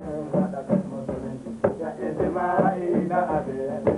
a you.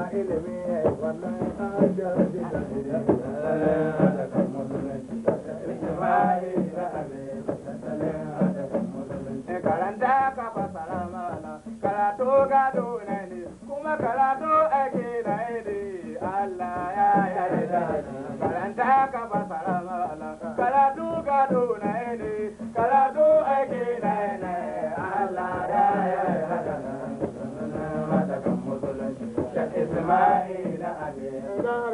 ilimi wallahi karanta ka fasara mana karatu gado ne kuma karatu Jihar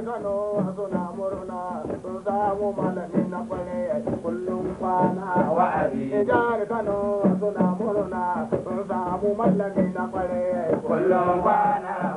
Kano suna murna sun samu malami na kware kullum kwana wa'azi. Jihar Kano suna murna sun samu malami na kware kullum kwana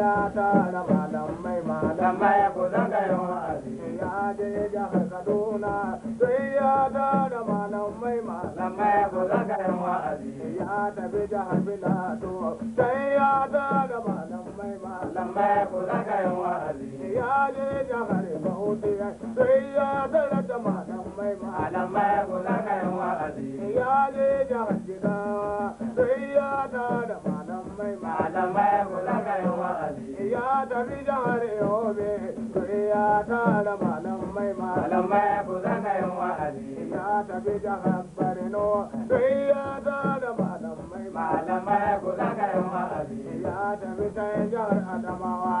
ya tara malamai malamai ku zanga yin wa'azi ya je jihar kaduna sai ya tara malamai malamai ku zanga yin wa'azi ya tafi jihar filato sai ya tara malamai malamai ku zanga yin wa'azi ya je jihar bauchi sai ya tara da malamai malamai ku zanga yin wa'azi ya je jihar jigawa sai ya tara malamai malamai tafi jihar yobe ya tara malamai malamai kula tafi tafi ta jihar adamawa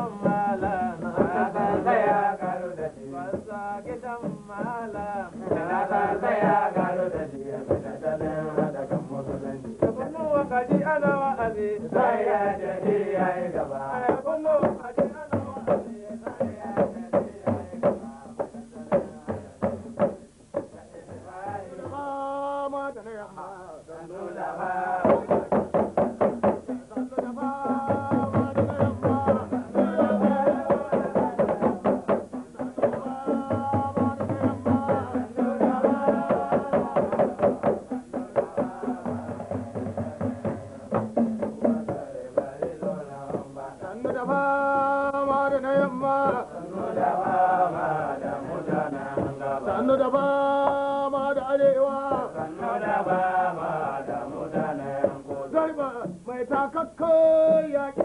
arewa da na yamma sannu da ba ma da arewa zai mai takakkai yaƙi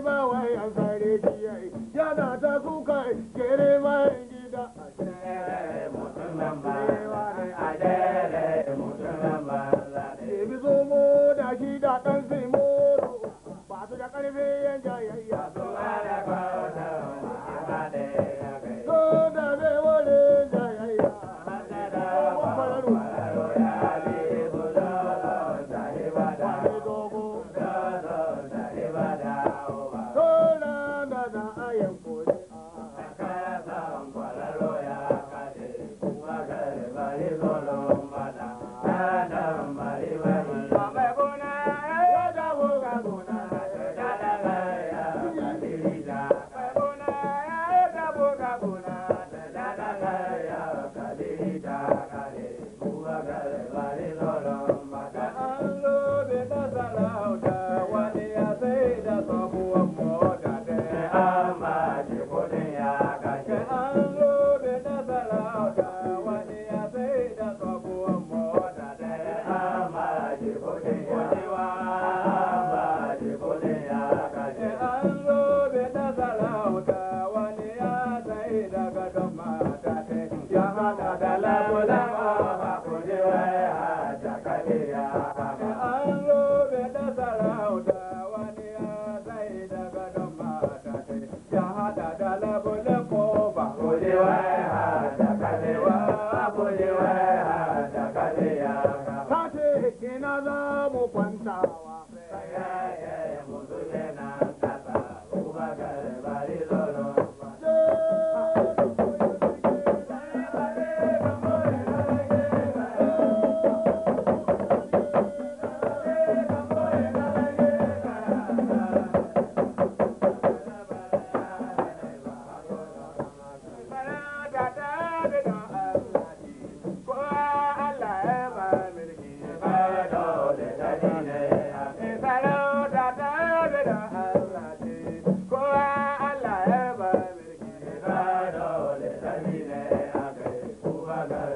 way. Thank you.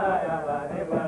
Bye.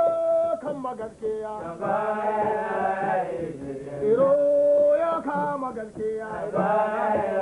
kama gaskiya tsiro ya kama gaskiya